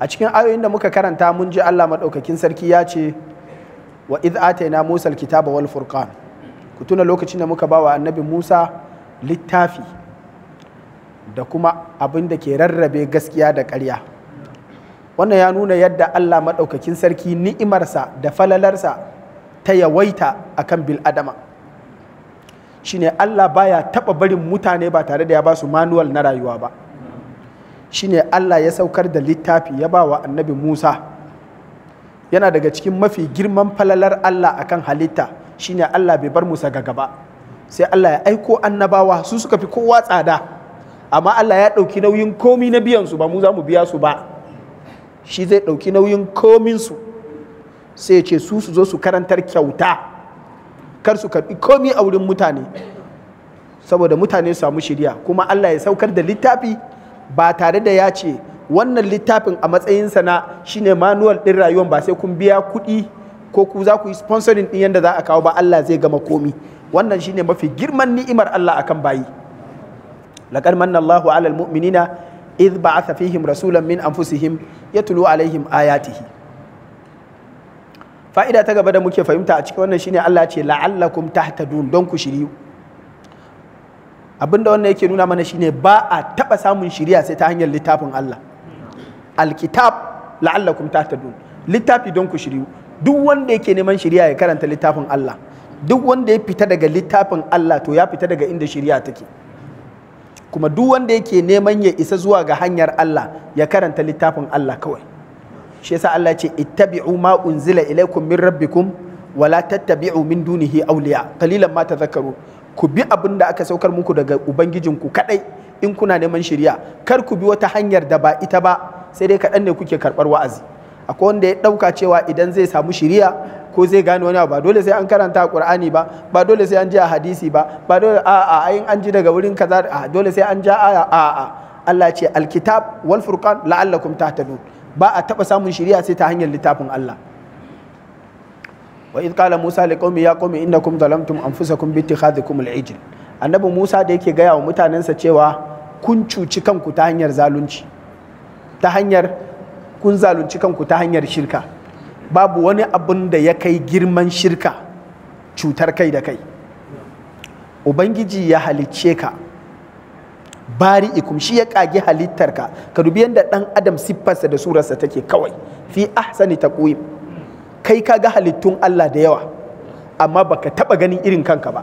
a cikin ayoyin da muka karanta mun ji Allah maɗaukakin sarki ya ce wa id ataina Musa alkitaba wal furqan ku tuna lokacin da muka ba wa annabi Musa littafi da kuma abin da ke rarrabe gaskiya da ƙarya wannan ya nuna yadda Allah maɗaukakin sarki ni'imarsa da falalarsa ta yawaita akan bil'adama shine Allah baya taɓa barin mutane ba tare da ya ba su manuwal na rayuwa ba shine Allah ya saukar da littafi ya ba wa annabi Musa yana daga cikin mafi girman falalar Allah akan halitta shine Allah bai bar Musa ga gaba sai Allah ya aiko annabawa su suka fi kowa tsada amma Allah ya ɗauki nauyin komi na biyan su ba mu za mu biya su ba shi zai ɗauki nauyin kominsu sai ya ce su su zo su karantar kyauta kar su karɓi komi a wurin mutane saboda mutane su samu shirya kuma Allah ya saukar da littafi ba tare da ya ce wannan littafin a matsayinsa na shine manuwal ɗin rayuwar ba sai kun biya kuɗi ko ku za ku yi sponsorin ɗin yadda za a kawo ba Allah zai gama komi wannan shine mafi girman ni'imar Allah a kan bayi Laƙar manna Allahu 'alal mu'minina ba a fihim rasulan min anfusihim yatlu 'alaihim ayatihi fa'ida ta gaba da muke fahimta a cikin wannan shine Allah ce la'allakum tahtadun don ku shiryu abinda wannan yake nuna mana shine ba a taba samun shiriya sai ta hanyar littafin Allah alkitab la'allakum tahtadun littafi don ku shiryu duk wanda yake neman shiriya ya karanta littafin Allah duk wanda ya fita daga littafin Allah to ya fita daga inda shiriya take kuma duk wanda yake neman ya isa zuwa ga hanyar Allah ya karanta littafin Allah kawai shi yasa Allah ce ittabi'u ma unzila ilaykum min rabbikum wala tattabi'u min dunihi awliya qalilan ma tadhakkarun ku bi abin da aka saukar muku daga ubangijinku kadai in kuna neman shirya kar ku bi wata hanyar da ba ita ba sai dai kaɗan ne kuke karɓar wa'azi akwai wanda ya ɗauka cewa idan zai samu shirya ko zai gane wani abu ba dole sai an karanta qur'ani ba ba dole sai an ji a hadisi ba ba dole a a an ji daga wurin kaza a dole sai an ja aya a a Allah ce alkitab wal furqan la'allakum tahtadun ba a taba samun shiriya sai ta hanyar littafin Allah wa idh qala musa liqaumi ya qaumi innakum zalamtum anfusakum bi ittikhadhikum al-ijl annabi musa da yake gaya wa mutanensa cewa kun cuci kanku ta hanyar zalunci ta hanyar kun zalunci kanku ta hanyar shirka babu wani abin da ya kai girman shirka cutar kai da kai ubangiji ya halicce ka bari ikum shi ya kage halittarka ka dubi yadda dan adam siffarsa da surarsa take kawai fi ahsani taqwim kai ka ga halittun Allah da yawa amma baka taba ganin irin kanka ba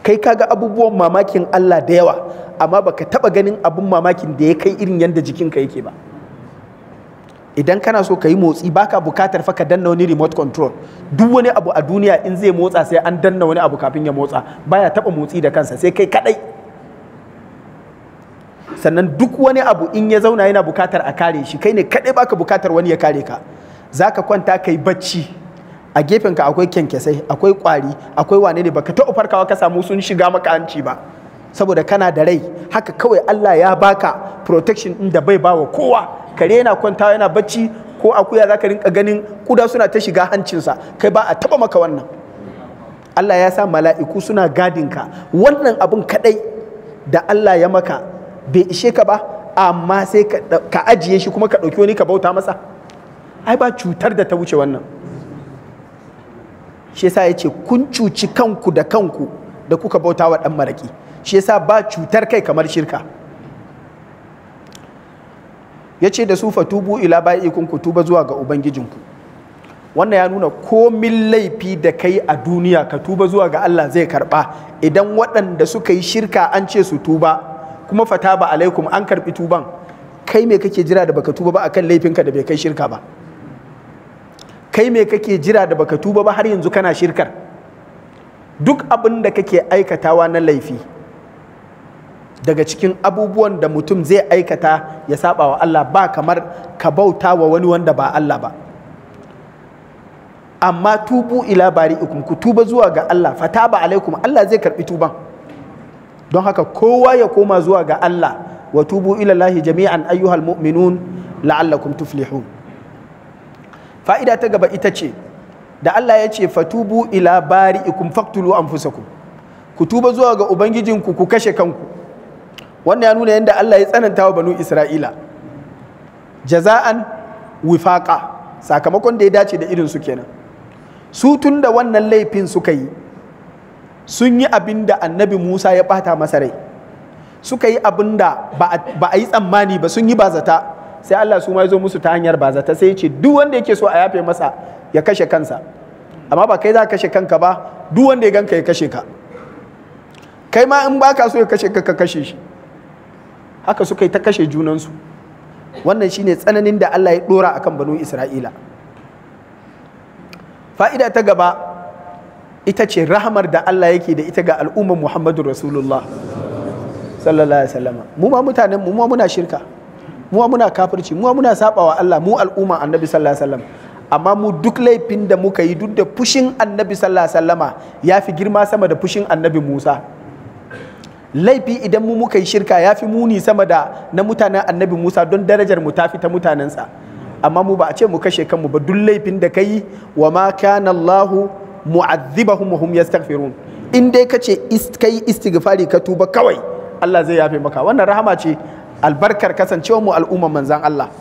kai ka ga abubuwan mamakin Allah da yawa amma baka taba ganin abun mamakin da ya kai irin yadda jikinka yake ba idan kana so ka yi motsi baka bukatar fa ka danna wani remote control duk wani abu a duniya in zai motsa sai an danna wani abu kafin ya motsa baya taba motsi da kansa sai kai kadai sannan duk wani abu in ya zauna yana bukatar a kare shi kai ne kadai baka bukatar wani ya kare ka za ka kwanta ka yi bacci a gefenka akwai kyankyasai akwai kwari akwai wane ne baka taɓa farkawa ka samu sun shiga maka hanci ba saboda kana da rai haka kawai Allah ya baka protection ɗin da bai bawa kowa kare yana kwanta yana bacci ko akuya za ka rinka ganin kuda suna ta shiga hancinsa kai ba a taɓa maka wannan Allah ya sa mala'iku suna gadin ka. wannan abun kaɗai da Allah ya maka bai ishe ka ba amma sai ka ajiye shi kuma ka ɗauki wani ka bauta masa ai ba cutar da ta wuce wannan shi yasa ya kun cuci kanku da kanku da kuka bauta wa ɗan maraƙi shi yasa ba cutar kai kamar shirka Yace da su fatubu ila ba'ikun ku tuba zuwa ga ubangijinku wannan ya nuna komin laifi da kai a duniya ka tuba zuwa ga Allah zai karba idan waɗanda suka yi shirka an ce su tuba kuma fata ba alaikum an karbi tuban kai me kake jira da baka tuba ba akan laifinka da bai kai shirka ba kai me kake jira da baka tuba ba har yanzu kana shirkar duk abin da kake aikatawa na laifi daga cikin abubuwan da mutum zai aikata ya saba wa Allah ba kamar ka bauta wa wani wanda ba Allah ba amma tubu ila bari'ikum ku tuba zuwa ga Allah fata ba alaikum Allah zai karbi tuban don haka kowa ya koma zuwa ga Allah wa tubu ila lahi jami'an ayyuhal mu'minun la'allakum tuflihun fa'ida ta gaba ita ce da Allah ya ce fatubu ila bari bari'ikum faktulu fusaku, ku tuba zuwa ga ubangijinku ku kashe kanku wannan ya nuna yadda Allah ya tsananta wa banu Isra'ila jaza'an wifaƙa sakamakon da ya dace da irin su kenan su tun da wannan laifin suka yi sun yi abin da annabi Musa ya ɓata masa rai suka yi abin da ba a yi tsammani ba sun yi ba zata sai Allah su ma ya zo musu ta hanyar bazata sai ya ce duk wanda yake so a yafe masa ya kashe kansa amma ba kai za ka kashe kanka ba duk wanda ya ganka ya kashe ka kai ma in baka so ya kashe ka ka kashe shi haka suka yi ta kashe junansu wannan shine tsananin da Allah ya dora akan banu Isra'ila fa'ida ta gaba ita ce rahamar da Allah yake da ita ga al'ummar Muhammadu Rasulullah sallallahu alaihi wasallam mu ma mutanen mu ma muna shirka mu muna kafirci mu muna sabawa Allah mu al'umma annabi sallallahu alaihi amma mu duk laifin da muka yi duk da fushin annabi sallallahu alaihi ya fi girma sama da fushin annabi Musa laifi idan mu muka yi shirka ya fi muni sama da na mutanen annabi Musa don darajar mu ta fi ta mutanensa amma mu ba a ce mu kashe kanmu ba duk laifin da kai wa ma kana Allahu mu'azzibahum wa hum yastaghfirun in dai kace kai istighfari ka tuba kawai Allah zai yafe maka wannan rahama ce albarkar kasancewa mu al'umman manzan Allah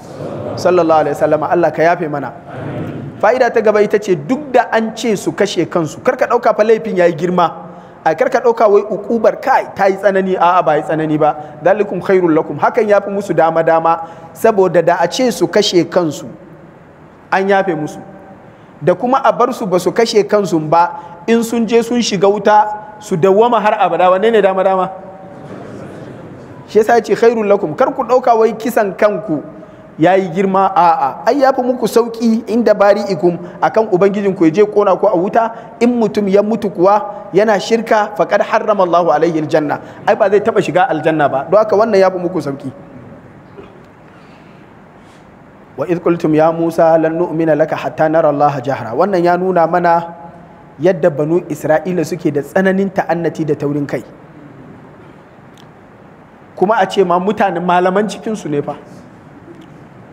sallallahu alaihi wasallam Allah ka yafe mana fa'ida ta gaba ita ce duk da an ce su kashe kansu karka ɗauka fa laifin yayi girma a karka ɗauka wai ukubar kai ta yi tsanani a ba yi tsanani ba dalikum khairul lakum hakan yafi musu dama dama saboda da a ce su kashe kansu an yafe musu da kuma a bar su ba su kashe kansu ba in sun je sun shiga wuta su dawwama har abada wanne ne dama dama shi yasa yace khairul lakum kar ku dauka wai kisan kanku yayi girma a'a ai yafi muku sauki inda bari'ikum akan ubangijin ku je kona ku a wuta in mutum ya mutu kuwa yana shirka faqad harrama Allahu alaihi aljanna ai ba zai taba shiga aljanna ba don haka wannan yafi muku sauki wa id qultum ya musa lan nu'mina laka hatta nara Allah jahra wannan ya nuna mana yadda banu isra'ila suke da tsananin ta'annati da taurin kai kuma a ce ma mutanen malaman cikinsu ne fa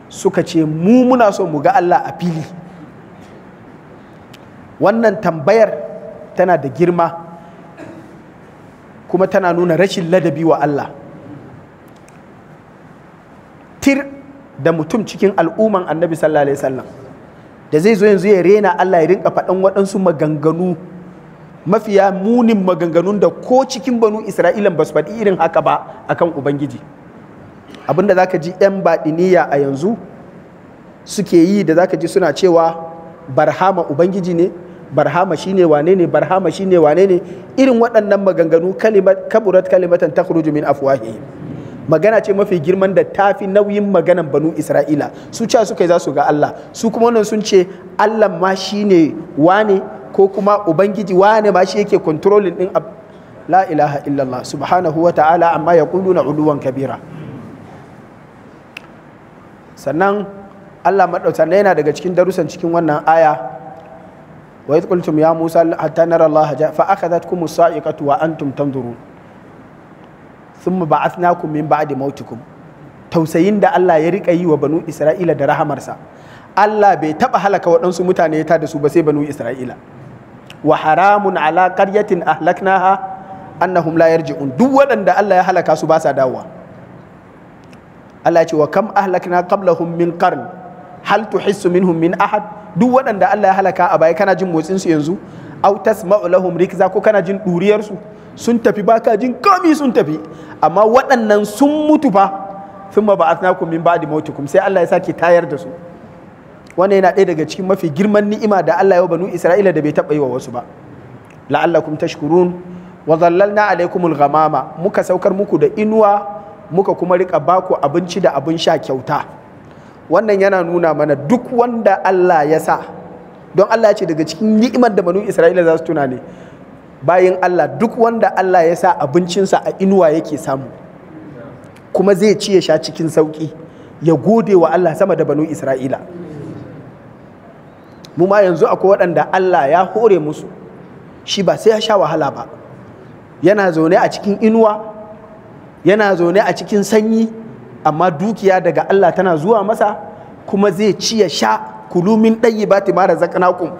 suka ce mu muna so mu ga Allah a fili wannan tambayar tana da girma kuma tana nuna rashin ladabi wa Allah tir da mutum cikin al'umman annabi sallallahu alaihi wasallam da zai zo yanzu ya rena Allah ya rinka faɗan waɗansu maganganu mafiya munin maganganun da ko cikin banu isra'ilan ba su faɗi irin haka ba a kan ubangiji abinda zaka ji 'yan baɗiniya a yanzu suke yi da zaka ji suna cewa barhama ubangiji ne barhama shine wane ne barhama shine wane ne irin waɗannan maganganu kaburat kalimatan takhruju min afwahihim magana ce mafi girman da ta fi nauyin maganan banu isra'ila su ca suka yi za su ga Allah su kuma wannan sun ce Allah ma shine wane ko kuma ubangiji wane ba shi yake controlling din la ilaha illallah subhanahu wa ta'ala amma ya na uluwan kabira sannan Allah maɗauta yana daga cikin darussan cikin wannan aya wa yi tsakultum ya musa hatta nara Allah ja fa aka zat kuma sa'iqatu wa antum tanzurun thumma ba'athnakum min ba'di mautikum tausayin da Allah ya rika yi wa banu Isra'ila da rahamarsa Allah bai taɓa halaka waɗansu mutane ya da su ba sai banu Isra'ila wa haramun ala qaryatin ahlaknaha annahum la yarji'un duk waɗanda Allah ya halaka su ba sa dawowa Allah ya ce wa kam ahlakna qablahum min karni hal tu minhum min ahad duk waɗanda Allah ya halaka a baya kana jin motsinsu yanzu autas tasma'u lahum ko kana jin ɗuriyarsu su sun tafi baka jin kami sun tafi amma waɗannan sun mutu fa thumma ba'athnakum min ba'di mautikum sai Allah ya sake tayar da su wannan yana ɗaya daga cikin mafi girman ni'ima da Allah ya banu Isra'ila da bai taɓa yi wa wasu ba la'allakum tashkurun wa zallalna alaikumul ghamama muka saukar muku da inuwa muka kuma rika baku abinci da abin sha kyauta wannan yana nuna mana duk wanda Allah ya sa don Allah ya ce daga cikin ni'imar da banu Isra'ila za su tuna ne bayan Allah duk wanda Allah ya sa abincinsa a inuwa yake samu kuma zai ci ya sha cikin sauki ya gode wa Allah sama da banu Isra'ila mu ma yanzu akwai waɗanda Allah ya hore musu shi ba sai ya sha wahala ba yana zaune a cikin inuwa yana zaune a cikin sanyi amma dukiya daga Allah tana zuwa masa kuma zai ci ya sha kulumin ɗayi ba ta mara zakanakum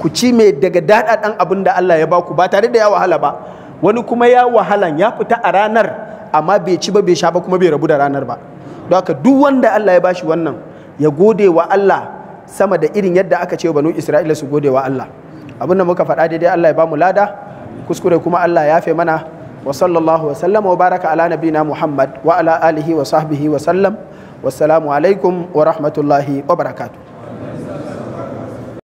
ku ci mai daga daɗaɗan abin da Allah ya baku ba tare da ya wahala ba wani kuma ya wahalan ya fita a ranar amma bai ci ba bai sha ba kuma bai rabu da ranar ba don haka duk wanda Allah ya bashi wannan ya gode wa Allah sama da irin yadda aka ce banu isra'ila su gode wa Allah abin da muka faɗa daidai Allah ya bamu lada kuskure kuma Allah ya fe mana wa sallallahu wa sallama wa baraka ala nabina Muhammad wa ala alihi wa sahbihi wa sallam wassalamu alaikum wa rahmatullahi wa barakatuh